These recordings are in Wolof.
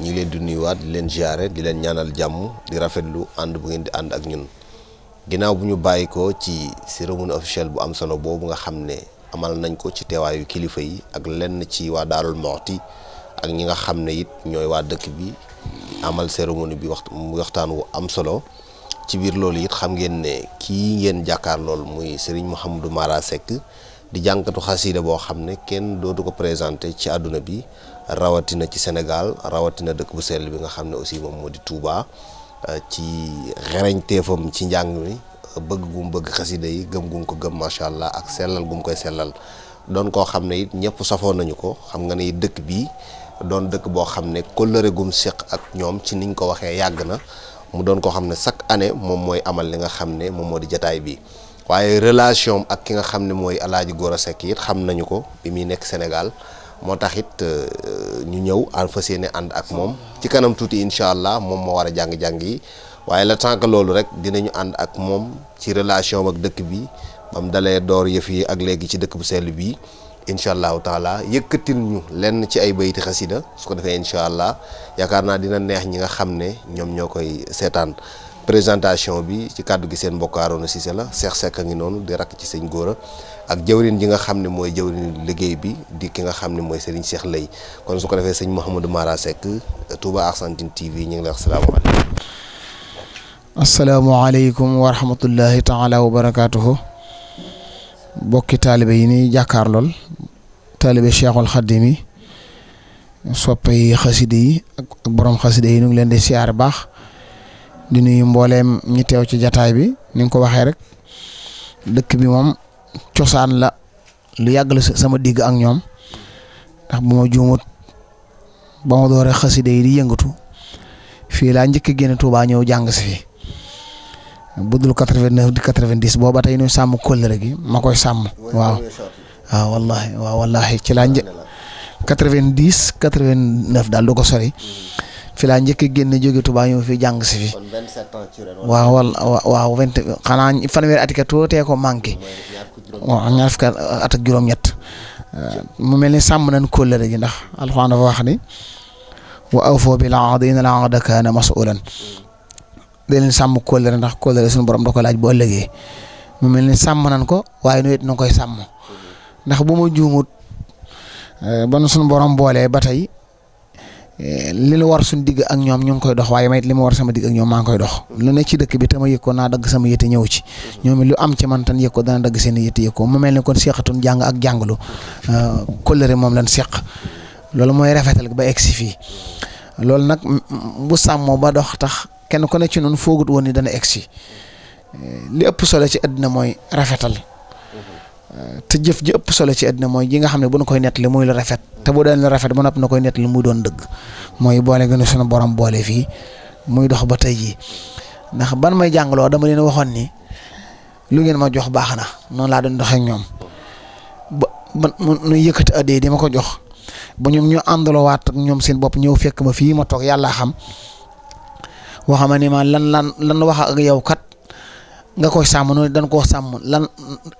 ñi ngi leen di nuyuwaat di leen ziare di leen ñaanal jàmm di rafetlu ànd bu ngeen di ànd ak ñun ginnaaw bu ñu bàyyi ko ci cérémonie officielle bu am solo boobu nga xam ne amal nañ ko ci teewaayu kilifa yi ak lenn ci waa Daarul Moxti ak ñi nga xam ne it ñooy waa dëkk bi amal cérémonie bi waxtu waxtaan wu am solo ci biir loolu it xam ngeen ne kii ngeen jàkkaar lool muy Serigne du Mara sekk di jànkatu xasida boo xam ne kenn dootu ko présenté ci àdduna bi rawatina ci Sénégal rawatina dëkk bu sell bi nga xam ne aussi moom moo di Touba euh, ci xereñteefam ci njàng mi euh, bëgg gum bëgg xasida yi gëm gum ko gëm macha allah ak sellal gum koy sellal doon koo xam ne it ñëpp safoon nañu ko xam nga ne dëkk bii doon dëkk boo xam ne kóllëre gum séq ak ñoom ci niñ ko waxee yàgg na mu doon koo xam ne chaque année moom mooy amal li nga xam ne moom moo di jataay bi waaye relation ak ki nga xam ne mooy Alaaji goro Seck it xam nañu ko bi muy nekk Sénégal moo tax it euh, ñu ñëw en yéene ànd ak moom ci kanam tuuti incha allah moom moo war a jàng-jàng yi waaye la tant que loolu rek dinañu ànd ak moom ci relation ak dëkk bi mam dalee door yëf yi ak léegi ci dëkk bu sell bii incha allahu taala yëkkatil ñu lenn ci ay bayti xasida su ko defee incha allah yaakaar naa dina neex ñi nga xam ne ñoom ñoo koy seetaan présentation bi ci kàddu gi seen mbokk Arouna Cissé la seex Seck a ngi noonu di rakk ci sëñ Gora ak jëwrin ji nga xam ne mooy jëwrin liggéey bi di ki nga xam ne mooy Serigne Cheikh Lay kon su ko defee sëñ Mouhamadou Mara Seck Touba Argentine TV ñu ngi lay wax salaamaaleykum. asalaamaaleykum wa rahmatullahi taala wa barakaatuhu bokki yi ni jàkkaarlool taalibe Cheikhul Khadim yi soppe yi yi ak borom yi ñu ngi leen di siyaar baax. di nuyu mbooleem ñi teew ci jataay bi ni nga ko waxee rek dëkk bi moom cosaan la lu yàgg la sama digg ak ñoom ndax bu ma juumut ba ma dooree xaside yi di yëngatu fii laa njëkk génn Touba ñëw jàng si fi budul 89 di 90 booba tey ñu sàmm kóllëre gi ma koy sàmm waaw waaw wallahi waaw wallahi ci laa njëkk 90 89 daal du ko sori fi laa njëkk a génn jóge Touba ñëw fi jàng si fi. waaw wal waaw vingt xanaa fanweeri at ko manqué. waaw ñaar uh, juróom-ñett. Uh, mu mel ni sàmm nañ kóllëre gi ndax alxuraan dafa wax ni. wa awfoo bil ahdi inna al ahda kaana da leen sàmm kóllëre ndax kóllëre suñu borom da ko laaj bu ëllëgee mu mel ni sàmm nañ ko waaye nu it na koy sàmm mm-hmm. ndax bu ma juumut uh, ban suñu borom boole ba tey Eh, li la war suñ digg ak ñoom ñu ngi koy dox waaye may li ma war sama digg ak ñoom maa ngi koy dox lu ne ci dëkk bi tama yëg ko naa dagg sama yëte ñëw ci ñoom lu am ci man tan yëg ko dana dagg seen yëte yëg ko mu mel ne kon seqatun jàng ak jàngalu eh, kóllëre moom lan seq loolu mooy rafetal ba egg si fii loolu nag bu sàmmoo ba dox tax kenn ku ne ci noonu foogut woon ni dana egg si eh, li ëpp solo ci àddina mooy rafetal te jëf ji ëpp solo ci àddina mooy ji nga xam ne bu nu koy nettali muy lu rafet te bu doon lu rafet ba noppi na koy nettali muy doon dëgg mooy boole gënu sunu borom boole fii muy dox ba tey jii ndax ban may jàngaloo dama leen waxoon ni lu ngeen ma jox baax na noonu laa doon doxee ak ñoom ba man nu yëkkati di ma ko jox bu ñoom ñu àndalawaat ak ñoom seen bopp ñëw fekk ma fii ma toog yàlla xam waxama ni ma lan lan lan wax yow kat. nga koy sàmm noonu dañ koo sàmm lan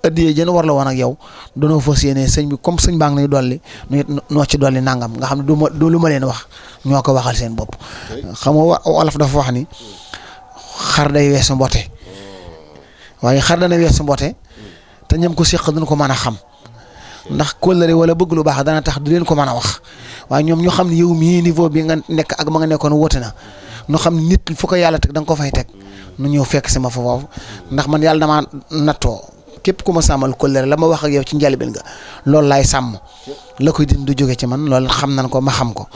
ëddiyee jën war la woon ak yow danoo fas yéene sëñ bi comme sëñ baa ngi lay dolli ñu noo ci dolli nangam nga xam ne du ma du lu ma leen wax ñoo ko waxal seen bopp. xam nga wolof dafa wax ni xar day weesu mboote waaye xar dana weesu mboote te ñam ko séq duñ ko mën a xam ndax kóllëre wala bëgg lu baax dana tax du leen ko mën a wax waaye ñoom ñu xam ne yow mii niveau bi nga nekk ak ma nga nekkoon wóote na. nu xam nit fu ko yàlla teg da nga ko fay teg nu ñëw fekk si ma fa foofu ndax man yàlla damaa nattoo képp ku ma sàmmal kóllëre la ma wax ak yow ci njëlbéen nga loolu laay sàmm la koy din du jóge ci man loolu xam nan ko ma xam ko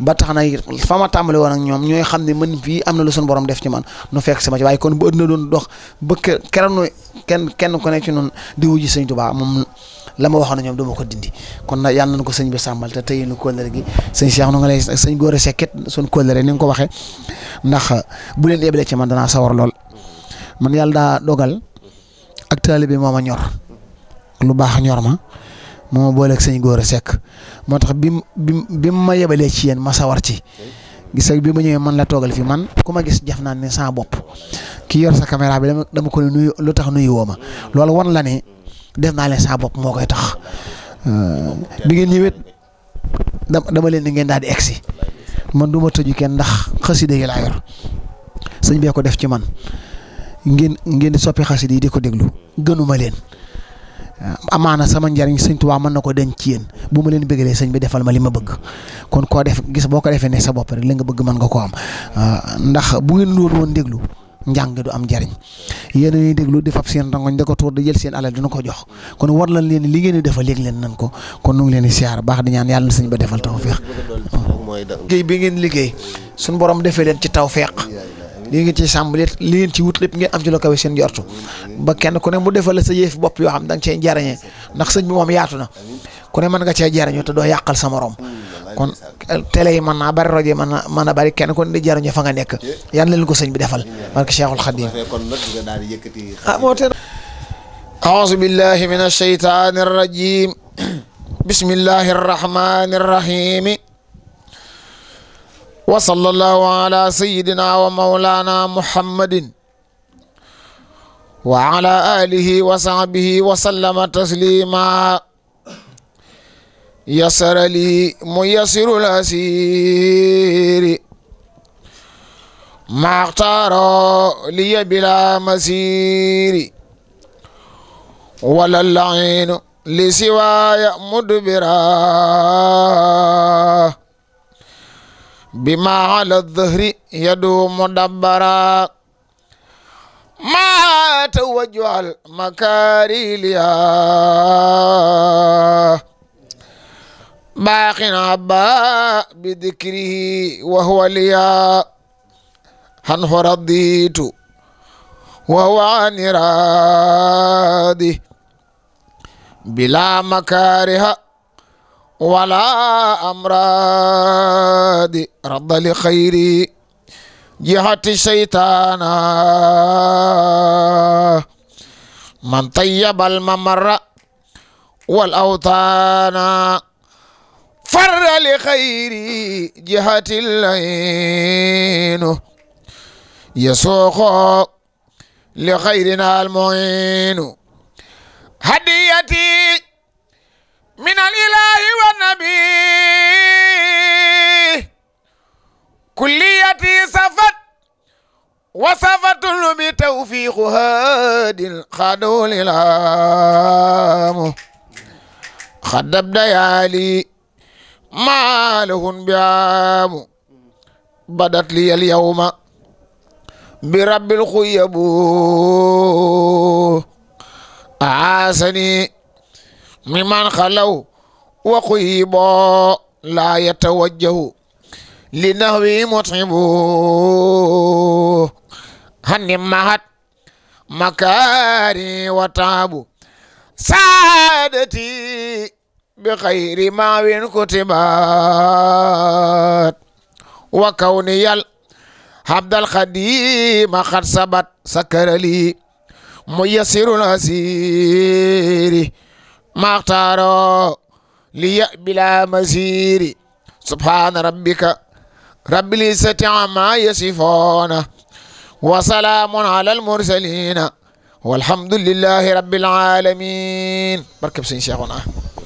ba tax na fa ma tàmbali woon ak ñoom ñooy xam ne man fii am na lu suñu boroom def ci man nu fekk si ma ci waaye kon bu ëdduna doon dox ba keroog kenn kenn ku ne ci noonu di wuji Sëñ Tuubaa moom la ma waxoon ñoom dama ko dindi kon nag yàlla nañ ko sëñ bi sàmmal te tey nu kóllëre gi sëñ Cheikh nu nga lay sëñ Gora Seck it suñ kóllëre ni nga ko waxee ndax bu leen yeblee ci man danaa sawar lool man yàlla daa dogal ak bi moo ma ñor lu baax ñor ma moo ma booleeg sëñ Gora Seck moo tax bi bi ma yebalee ci yéen ma sawar ci gis bi ma ñëwee man la toogal fi man ku ma gis jaf naa ne sans bopp ki yor sa caméra bi dama ko nuyu lu tax nuyu woo ma loolu wan la ne def naa leen saa bopp moo koy tax euh, bi ngeen ñëwee dama leen ni ngeen daal di egsi man du ma tëju kenn ndax xasida yi laa yor sëñ bee ko def ci man ngeen ngeen di soppi xasida yi di ko déglu gënuma leen amaana sama njariñ sëñ Tuubaa mën na ko denc ci yéen bu ma leen bëggalee sëñ bi defal ma li ma bëgg kon koo def gis boo ko defee ne sa bopp rek li nga bëgg mën nga ko am euh, ndax bu ngeen loolu woon déglu njàng du am jariñ yéen a ñuy déglu di fab seen rangoñ da ko tuur da jël seen alal dina ko jox kon war lan leen li ngeen di defal leen nan ko kon nu leen di siyaar baax di ñaan yàlla na suñ ba defal tawféex liggéey bi ngeen liggéey suñ borom defee leen ci tawféex li ngeen ci sàmm li ngeen ci wut lépp ngeen am ci loo kawe seen jortu ba kenn ku ne mu defal sa yëfi bopp yoo xam da nga cee jariñee ndax sëñ bi moom yaatu na ku ne mën nga cee jariñoo te doo yàqal sa moroom kon télé yi mën naa bari rajo bari kenn kon di jaruñu fa nekk yal na ko sëñ bi defal barke Cheikhul Khadim ah moo teen aouzu billahi min asheytaani arrajim bismillahi arrahmani arrahim wa sallallahu wa mawlana muhammadin yasara lii muyassirul asiiri maxtaaro liya bila masiiri wala lainu li siwaaya mudbira bima ala dahri yadu mudabbara ma tawajjal makaariliya باق عبا بذكره وهو ليا عنه رضيت وهو عن رادي بلا مكاره ولا أمراض رض لخيري جهة الشيطان من طيب الممر والأوطان farra li xayri jihati laynu yasuuqu li xayrina almuinu hadiyati min alilahi wa nabi kulliyati safat wa safatun bi tawfiqu haadil xadulilaamu xadab dayaali ما لهن بعام بدت لي اليوم برب الخيب عاسني ممن خلوا وخيبا لا يتوجه لنهوي مطعم هن مهت مكاري وتعب سادتي بخير ما وين كتبت وكوني عبد الخديم قد ثبت سكر لي ميسر الأسير ما اختار لي بلا مسير سبحان ربك رب العزة عما يصفون وسلام على المرسلين والحمد لله رب العالمين بركب سين شيخنا